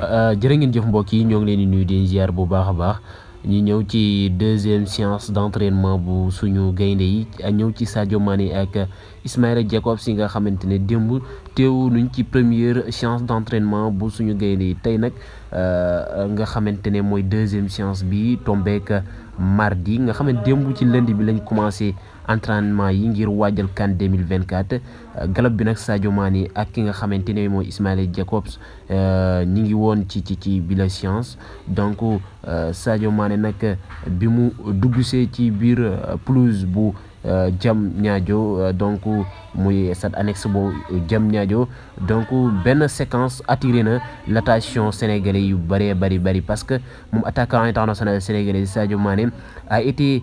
Euh, jërë ngeen jëf mbokk yi ñoo ngi leen di nuyu di ziar bu baax a baax ñu ñëw ci deuxième séance d'entraînement bu suñu gaynde yi ñëw ci Sadio Mané ak Ismaïla Jakobs si nga xamante ne démb te nuñ ci première séance d'entraînement bu suñu gaynde yi tey nag euh, nga xamante ne mooy deuxième séance bi tombeek mardi nga avons dembu ci lundi bi lañ commencé entraînement yi ngir kan 2024 galop bi Sadio Mané ak ki Jacobs euh, ñi ngi ci ci science donc euh, Sadio Mané nak bimu ci euh, bu. jam ñaajo euh, donc muy cette annexe bo jam ñaajo donc benn séquence attiré na l'attention sénégalais yu bëree bari bari parce que moom attaquant international sénégalais Sadio Mané a été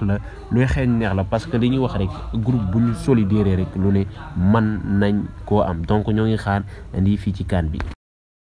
la luy xeeñ neex la parce que li ñuy wax rek groupe bu ñu solidaire rek lu ne man nañ koo am donc ñoo ngi xaar indi fii ci CAN bi